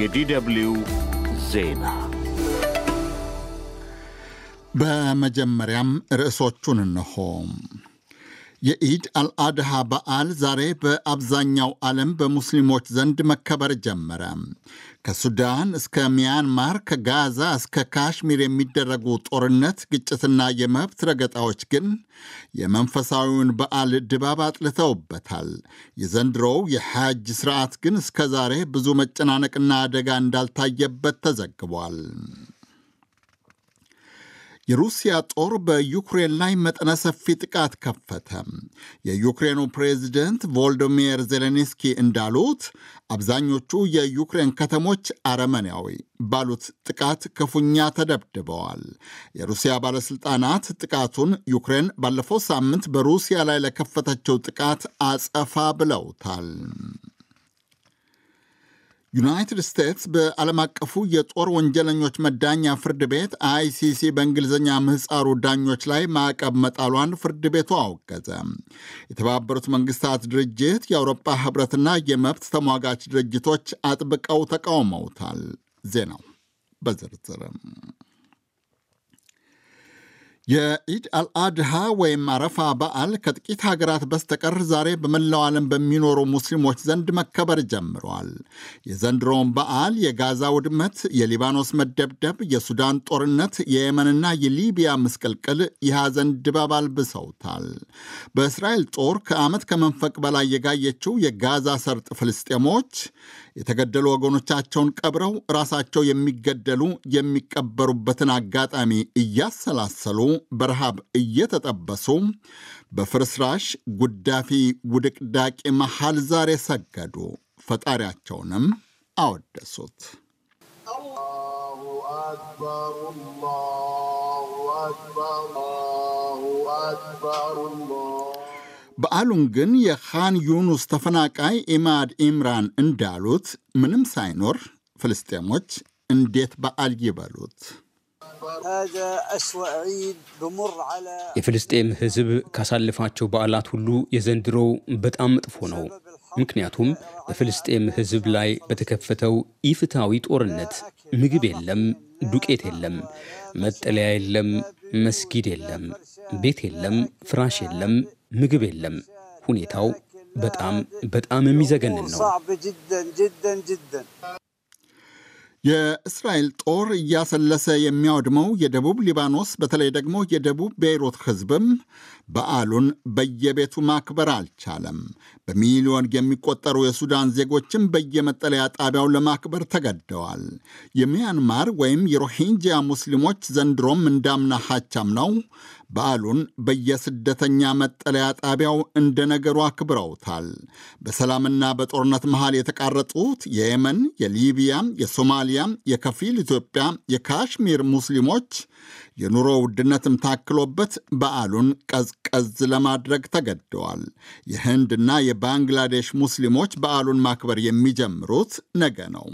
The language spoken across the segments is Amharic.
የዲደብሊው ዜና በመጀመሪያም ርዕሶቹን እንሆ የኢድ አልአድሃ በዓል ዛሬ በአብዛኛው ዓለም በሙስሊሞች ዘንድ መከበር ጀመረ። ከሱዳን እስከ ሚያንማር፣ ከጋዛ እስከ ካሽሚር የሚደረጉ ጦርነት፣ ግጭትና የመብት ረገጣዎች ግን የመንፈሳዊውን በዓል ድባብ አጥልተውበታል። የዘንድሮው የሐጅ ስርዓት ግን እስከ ዛሬ ብዙ መጨናነቅና አደጋ እንዳልታየበት ተዘግቧል። የሩሲያ ጦር በዩክሬን ላይ መጠነ ሰፊ ጥቃት ከፈተ። የዩክሬኑ ፕሬዚደንት ቮልዶሚር ዜሌንስኪ እንዳሉት አብዛኞቹ የዩክሬን ከተሞች አረመኔያዊ ባሉት ጥቃት ክፉኛ ተደብድበዋል። የሩሲያ ባለሥልጣናት ጥቃቱን ዩክሬን ባለፈው ሳምንት በሩሲያ ላይ ለከፈተችው ጥቃት አጸፋ ብለውታል። ዩናይትድ ስቴትስ በዓለም አቀፉ የጦር ወንጀለኞች መዳኛ ፍርድ ቤት አይሲሲ በእንግሊዝኛ ምህፃሩ ዳኞች ላይ ማዕቀብ መጣሏን ፍርድ ቤቱ አወገዘ። የተባበሩት መንግስታት ድርጅት፣ የአውሮፓ ህብረትና የመብት ተሟጋች ድርጅቶች አጥብቀው ተቃውመውታል። ዜናው በዝርዝርም የኢድ አልአድሃ ወይም አረፋ በዓል ከጥቂት ሀገራት በስተቀር ዛሬ በመላው ዓለም በሚኖሩ ሙስሊሞች ዘንድ መከበር ጀምሯል። የዘንድሮውን በዓል የጋዛ ውድመት፣ የሊባኖስ መደብደብ፣ የሱዳን ጦርነት፣ የየመንና የሊቢያ ምስቅልቅል የሐዘን ድባብ አልብሰውታል። በእስራኤል ጦር ከዓመት ከመንፈቅ በላይ የጋየችው የጋዛ ሰርጥ ፍልስጤሞች የተገደሉ ወገኖቻቸውን ቀብረው ራሳቸው የሚገደሉ የሚቀበሩበትን አጋጣሚ እያሰላሰሉ በረሃብ እየተጠበሱ በፍርስራሽ ጉዳፊ ውድቅዳቂ መሃል ዛሬ ሰገዱ፣ ፈጣሪያቸውንም አወደሱት። አላሁ አክበር በዓሉን ግን የኻን ዩኑስ ተፈናቃይ ኢማድ ኢምራን እንዳሉት ምንም ሳይኖር ፍልስጤሞች እንዴት በዓል ይበሉት? የፍልስጤም ሕዝብ ካሳለፋቸው በዓላት ሁሉ የዘንድሮው በጣም መጥፎ ነው። ምክንያቱም በፍልስጤም ሕዝብ ላይ በተከፈተው ኢፍትሐዊ ጦርነት ምግብ የለም፣ ዱቄት የለም፣ መጠለያ የለም፣ መስጊድ የለም፣ ቤት የለም፣ ፍራሽ የለም፣ ምግብ የለም። ሁኔታው በጣም በጣም የሚዘገንን ነው። የእስራኤል ጦር እያሰለሰ የሚያወድመው የደቡብ ሊባኖስ በተለይ ደግሞ የደቡብ ቤይሩት ሕዝብም በዓሉን በየቤቱ ማክበር አልቻለም። በሚሊዮን የሚቆጠሩ የሱዳን ዜጎችም በየመጠለያ ጣቢያው ለማክበር ተገደዋል። የሚያንማር ወይም የሮሂንጂያ ሙስሊሞች ዘንድሮም እንዳምና ሐቻም ነው በዓሉን በየስደተኛ መጠለያ ጣቢያው እንደ ነገሩ አክብረውታል። በሰላምና በጦርነት መሃል የተቃረጡት የየመን፣ የሊቢያ፣ የሶማሊያ፣ የከፊል ኢትዮጵያ፣ የካሽሚር ሙስሊሞች የኑሮ ውድነትም ታክሎበት በዓሉን ቀዝቀዝ ለማድረግ ተገደዋል። የህንድና የባንግላዴሽ ሙስሊሞች በዓሉን ማክበር የሚጀምሩት ነገ ነው።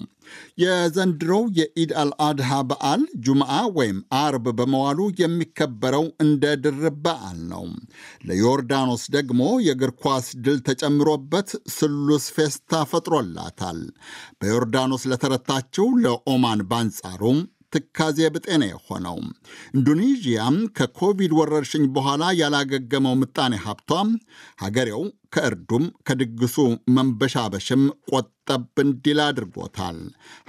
የዘንድሮው የኢድ አልአድሃ በዓል ጁምዓ ወይም አርብ በመዋሉ የሚከበረው እንደ ድርብ በዓል ነው። ለዮርዳኖስ ደግሞ የእግር ኳስ ድል ተጨምሮበት ስሉስ ፌስታ ፈጥሮላታል። በዮርዳኖስ ለተረታችው ለኦማን ባንጻሩም ትካዜ ብጤ የሆነው። ኢንዶኔዥያ ከኮቪድ ወረርሽኝ በኋላ ያላገገመው ምጣኔ ሀብቷ ሀገሬው ከእርዱም ከድግሱ መንበሻበሽም ቆጥ ጠብ እንዲል አድርጎታል።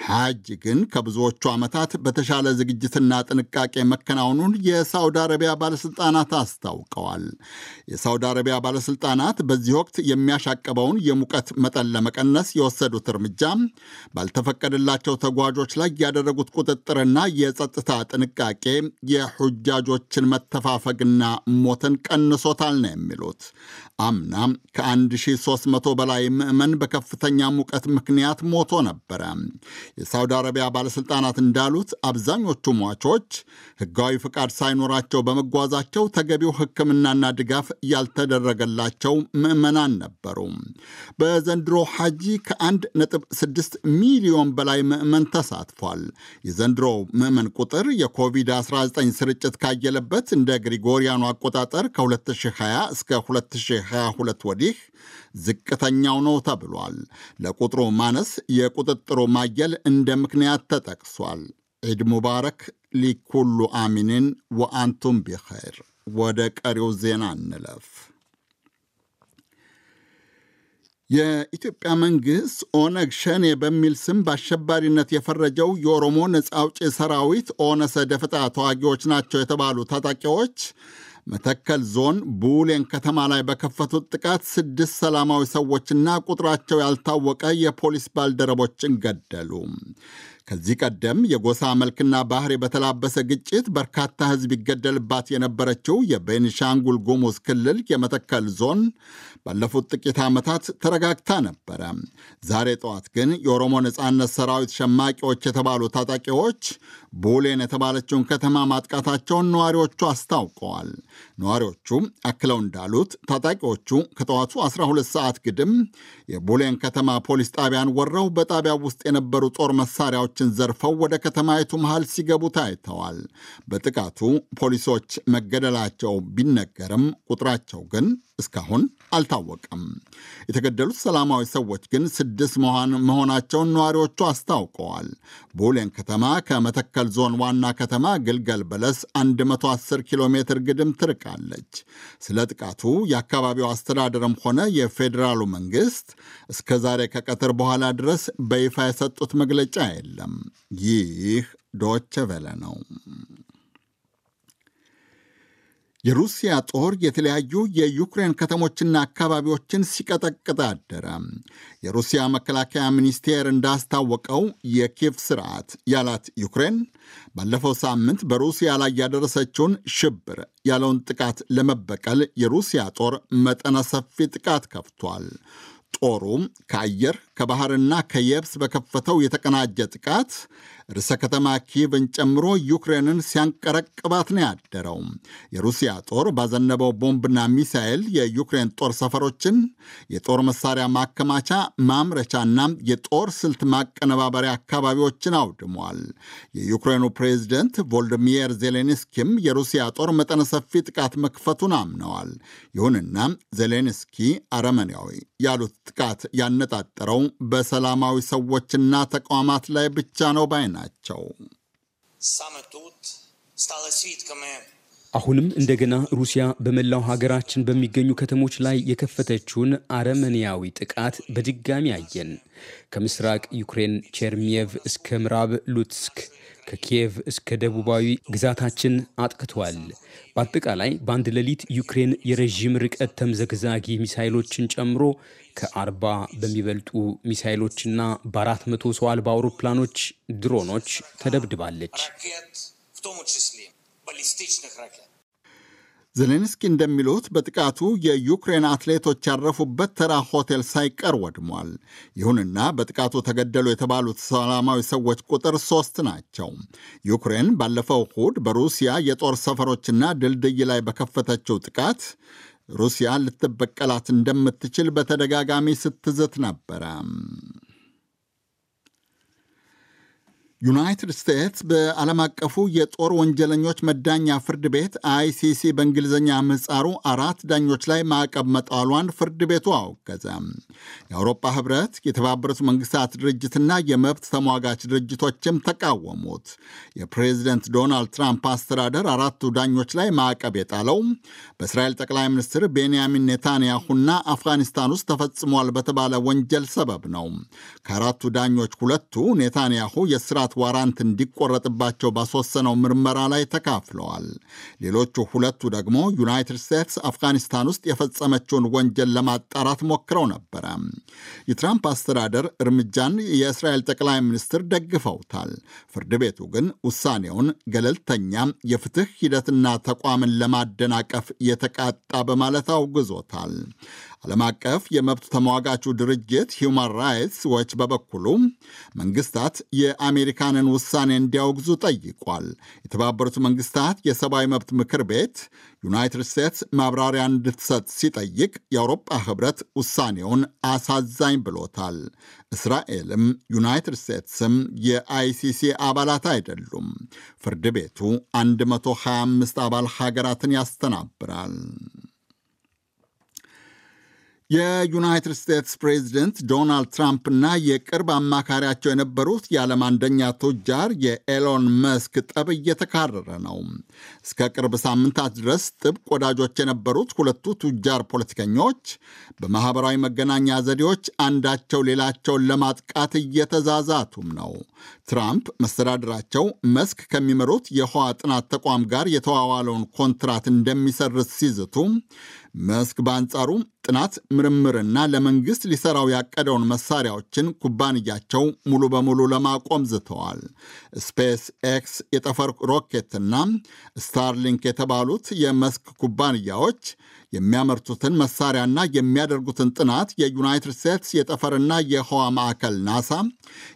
ሐጅ ግን ከብዙዎቹ ዓመታት በተሻለ ዝግጅትና ጥንቃቄ መከናወኑን የሳውዲ አረቢያ ባለሥልጣናት አስታውቀዋል። የሳውዲ አረቢያ ባለሥልጣናት በዚህ ወቅት የሚያሻቅበውን የሙቀት መጠን ለመቀነስ የወሰዱት እርምጃ ባልተፈቀደላቸው ተጓዦች ላይ ያደረጉት ቁጥጥርና የጸጥታ ጥንቃቄ የሑጃጆችን መተፋፈግና ሞትን ቀንሶታል ነው የሚሉት። አምና ከ1300 በላይ ምዕመን በከፍተኛ ሙቀት ምክንያት ሞቶ ነበረ። የሳውዲ አረቢያ ባለሥልጣናት እንዳሉት አብዛኞቹ ሟቾች ሕጋዊ ፍቃድ ሳይኖራቸው በመጓዛቸው ተገቢው ሕክምናና ድጋፍ ያልተደረገላቸው ምዕመናን ነበሩ። በዘንድሮ ሐጂ ከ1.6 ሚሊዮን በላይ ምዕመን ተሳትፏል። የዘንድሮ ምዕመን ቁጥር የኮቪድ-19 ስርጭት ካየለበት እንደ ግሪጎሪያኑ አቆጣጠር ከ2020 እስከ 2022 ወዲህ ዝቅተኛው ነው ተብሏል። ለቁጥሩ የተፈጥሮ ማነስ የቁጥጥሩ ማየል እንደ ምክንያት ተጠቅሷል። ዒድ ሙባረክ ሊኩሉ አሚኒን ወአንቱም ቢኸይር። ወደ ቀሪው ዜና እንለፍ። የኢትዮጵያ መንግሥት ኦነግ ሸኔ በሚል ስም በአሸባሪነት የፈረጀው የኦሮሞ ነፃ አውጪ ሰራዊት ኦነሰ ደፈጣ ተዋጊዎች ናቸው የተባሉ ታጣቂዎች መተከል ዞን ቡሌን ከተማ ላይ በከፈቱት ጥቃት ስድስት ሰላማዊ ሰዎችና ቁጥራቸው ያልታወቀ የፖሊስ ባልደረቦችን ገደሉ። ከዚህ ቀደም የጎሳ መልክና ባህሪ በተላበሰ ግጭት በርካታ ሕዝብ ይገደልባት የነበረችው የቤንሻንጉል ጉሙዝ ክልል የመተከል ዞን ባለፉት ጥቂት ዓመታት ተረጋግታ ነበረ። ዛሬ ጠዋት ግን የኦሮሞ ነጻነት ሰራዊት ሸማቂዎች የተባሉ ታጣቂዎች ቡሌን የተባለችውን ከተማ ማጥቃታቸውን ነዋሪዎቹ አስታውቀዋል። ነዋሪዎቹ አክለው እንዳሉት ታጣቂዎቹ ከጠዋቱ 12 ሰዓት ግድም የቡሌን ከተማ ፖሊስ ጣቢያን ወረው በጣቢያው ውስጥ የነበሩ ጦር መሳሪያዎች መኪኖችን ዘርፈው ወደ ከተማይቱ መሃል ሲገቡ ታይተዋል። በጥቃቱ ፖሊሶች መገደላቸው ቢነገርም ቁጥራቸው ግን እስካሁን አልታወቀም። የተገደሉት ሰላማዊ ሰዎች ግን ስድስት መሆናቸውን ነዋሪዎቹ አስታውቀዋል። ቦሌን ከተማ ከመተከል ዞን ዋና ከተማ ግልገል በለስ 110 ኪሎ ሜትር ግድም ትርቃለች። ስለ ጥቃቱ የአካባቢው አስተዳደርም ሆነ የፌዴራሉ መንግስት እስከ ዛሬ ከቀትር በኋላ ድረስ በይፋ የሰጡት መግለጫ የለም። ይህ ዶቸ ቬለ ነው። የሩሲያ ጦር የተለያዩ የዩክሬን ከተሞችና አካባቢዎችን ሲቀጠቅጥ አደረ። የሩሲያ መከላከያ ሚኒስቴር እንዳስታወቀው የኪቭ ስርዓት ያላት ዩክሬን ባለፈው ሳምንት በሩሲያ ላይ ያደረሰችውን ሽብር ያለውን ጥቃት ለመበቀል የሩሲያ ጦር መጠነ ሰፊ ጥቃት ከፍቷል። ጦሩ ከአየር ከባህርና ከየብስ በከፈተው የተቀናጀ ጥቃት ርዕሰ ከተማ ኪቭን ጨምሮ ዩክሬንን ሲያንቀረቅባት ነው ያደረው። የሩሲያ ጦር ባዘነበው ቦምብና ሚሳኤል የዩክሬን ጦር ሰፈሮችን፣ የጦር መሳሪያ ማከማቻ ማምረቻና የጦር ስልት ማቀነባበሪያ አካባቢዎችን አውድሟል። የዩክሬኑ ፕሬዚደንት ቮልዲሚር ዜሌንስኪም የሩሲያ ጦር መጠነ ሰፊ ጥቃት መክፈቱን አምነዋል። ይሁንና ዜሌንስኪ አረመኔያዊ ያሉት ጥቃት ያነጣጠረው በሰላማዊ ሰዎችና ተቋማት ላይ ብቻ ነው ባይ ናቸው። አሁንም እንደገና ሩሲያ በመላው ሀገራችን በሚገኙ ከተሞች ላይ የከፈተችውን አረመኔያዊ ጥቃት በድጋሚ አየን። ከምስራቅ ዩክሬን ቼርሚየቭ እስከ ምዕራብ ሉትስክ፣ ከኪየቭ እስከ ደቡባዊ ግዛታችን አጥቅቷል። በአጠቃላይ በአንድ ሌሊት ዩክሬን የረዥም ርቀት ተምዘግዛጊ ሚሳይሎችን ጨምሮ ከአርባ በሚበልጡ ሚሳይሎችና በአራት መቶ ሰው አልባ አውሮፕላኖች ድሮኖች ተደብድባለች። ዜሌንስኪ እንደሚሉት በጥቃቱ የዩክሬን አትሌቶች ያረፉበት ተራ ሆቴል ሳይቀር ወድሟል። ይሁንና በጥቃቱ ተገደሉ የተባሉት ሰላማዊ ሰዎች ቁጥር ሶስት ናቸው። ዩክሬን ባለፈው እሁድ በሩሲያ የጦር ሰፈሮችና ድልድይ ላይ በከፈተችው ጥቃት ሩሲያ ልትበቀላት እንደምትችል በተደጋጋሚ ስትዝት ነበረ። ዩናይትድ ስቴትስ በዓለም አቀፉ የጦር ወንጀለኞች መዳኛ ፍርድ ቤት አይሲሲ በእንግሊዝኛ ምህጻሩ አራት ዳኞች ላይ ማዕቀብ መጣሏን ፍርድ ቤቱ አወገዘ። የአውሮፓ ህብረት፣ የተባበሩት መንግስታት ድርጅትና የመብት ተሟጋች ድርጅቶችም ተቃወሙት። የፕሬዚደንት ዶናልድ ትራምፕ አስተዳደር አራቱ ዳኞች ላይ ማዕቀብ የጣለው በእስራኤል ጠቅላይ ሚኒስትር ቤንያሚን ኔታንያሁና አፍጋኒስታን ውስጥ ተፈጽሟል በተባለ ወንጀል ሰበብ ነው። ከአራቱ ዳኞች ሁለቱ ኔታንያሁ የስራ የመውጣት ዋራንት እንዲቆረጥባቸው ባስወሰነው ምርመራ ላይ ተካፍለዋል። ሌሎቹ ሁለቱ ደግሞ ዩናይትድ ስቴትስ አፍጋኒስታን ውስጥ የፈጸመችውን ወንጀል ለማጣራት ሞክረው ነበረ። የትራምፕ አስተዳደር እርምጃን የእስራኤል ጠቅላይ ሚኒስትር ደግፈውታል። ፍርድ ቤቱ ግን ውሳኔውን ገለልተኛ የፍትህ ሂደትና ተቋምን ለማደናቀፍ የተቃጣ በማለት አውግዞታል። ዓለም አቀፍ የመብት ተሟጋቹ ድርጅት ሂውማን ራይትስ ዎች በበኩሉ መንግስታት የአሜሪካንን ውሳኔ እንዲያወግዙ ጠይቋል። የተባበሩት መንግስታት የሰብአዊ መብት ምክር ቤት ዩናይትድ ስቴትስ ማብራሪያ እንድትሰጥ ሲጠይቅ የአውሮፓ ህብረት ውሳኔውን አሳዛኝ ብሎታል። እስራኤልም ዩናይትድ ስቴትስም የአይሲሲ አባላት አይደሉም። ፍርድ ቤቱ 125 አባል ሀገራትን ያስተናብራል። የዩናይትድ ስቴትስ ፕሬዚደንት ዶናልድ ትራምፕና የቅርብ አማካሪያቸው የነበሩት የዓለም አንደኛ ቱጃር የኤሎን መስክ ጠብ እየተካረረ ነው። እስከ ቅርብ ሳምንታት ድረስ ጥብቅ ወዳጆች የነበሩት ሁለቱ ቱጃር ፖለቲከኞች በማኅበራዊ መገናኛ ዘዴዎች አንዳቸው ሌላቸውን ለማጥቃት እየተዛዛቱም ነው። ትራምፕ መስተዳድራቸው መስክ ከሚመሩት የህዋ ጥናት ተቋም ጋር የተዋዋለውን ኮንትራት እንደሚሰርዝ ሲዝቱ፣ መስክ በአንጻሩ ጥናት ምርምርና ለመንግሥት ሊሰራው ያቀደውን መሳሪያዎችን ኩባንያቸው ሙሉ በሙሉ ለማቆም ዝተዋል። ስፔስ ኤክስ የጠፈር ሮኬትና ስታርሊንክ የተባሉት የመስክ ኩባንያዎች የሚያመርቱትን መሳሪያና የሚያደርጉትን ጥናት የዩናይትድ ስቴትስ የጠፈርና የህዋ ማዕከል ናሳ፣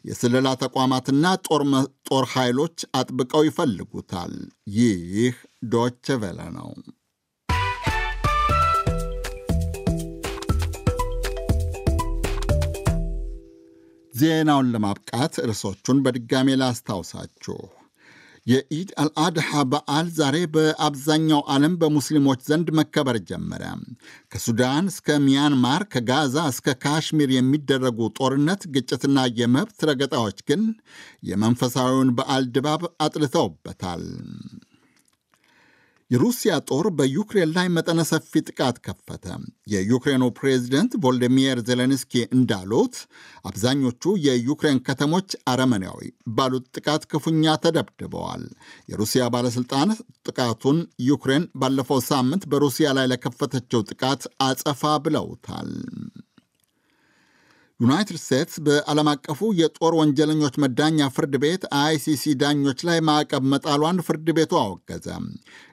የስለላ ተቋማትና ጦር ኃይሎች አጥብቀው ይፈልጉታል። ይህ ዶቼ ቬለ ነው። ዜናውን ለማብቃት ርዕሶቹን በድጋሜ ላስታውሳችሁ። የኢድ አልአድሃ በዓል ዛሬ በአብዛኛው ዓለም በሙስሊሞች ዘንድ መከበር ጀመረ። ከሱዳን እስከ ሚያንማር፣ ከጋዛ እስከ ካሽሚር የሚደረጉ ጦርነት፣ ግጭትና የመብት ረገጣዎች ግን የመንፈሳዊውን በዓል ድባብ አጥልተውበታል። የሩሲያ ጦር በዩክሬን ላይ መጠነ ሰፊ ጥቃት ከፈተ። የዩክሬኑ ፕሬዚደንት ቮልዲሚር ዜሌንስኪ እንዳሉት አብዛኞቹ የዩክሬን ከተሞች አረመኔያዊ ባሉት ጥቃት ክፉኛ ተደብድበዋል። የሩሲያ ባለሥልጣን ጥቃቱን ዩክሬን ባለፈው ሳምንት በሩሲያ ላይ ለከፈተችው ጥቃት አጸፋ ብለውታል። ዩናይትድ ስቴትስ በዓለም አቀፉ የጦር ወንጀለኞች መዳኛ ፍርድ ቤት አይሲሲ ዳኞች ላይ ማዕቀብ መጣሏን ፍርድ ቤቱ አወገዘ።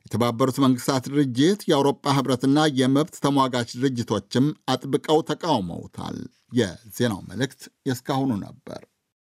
የተባበሩት መንግስታት ድርጅት፣ የአውሮፓ ህብረትና የመብት ተሟጋች ድርጅቶችም አጥብቀው ተቃውመውታል። የዜናው መልእክት የእስካሁኑ ነበር።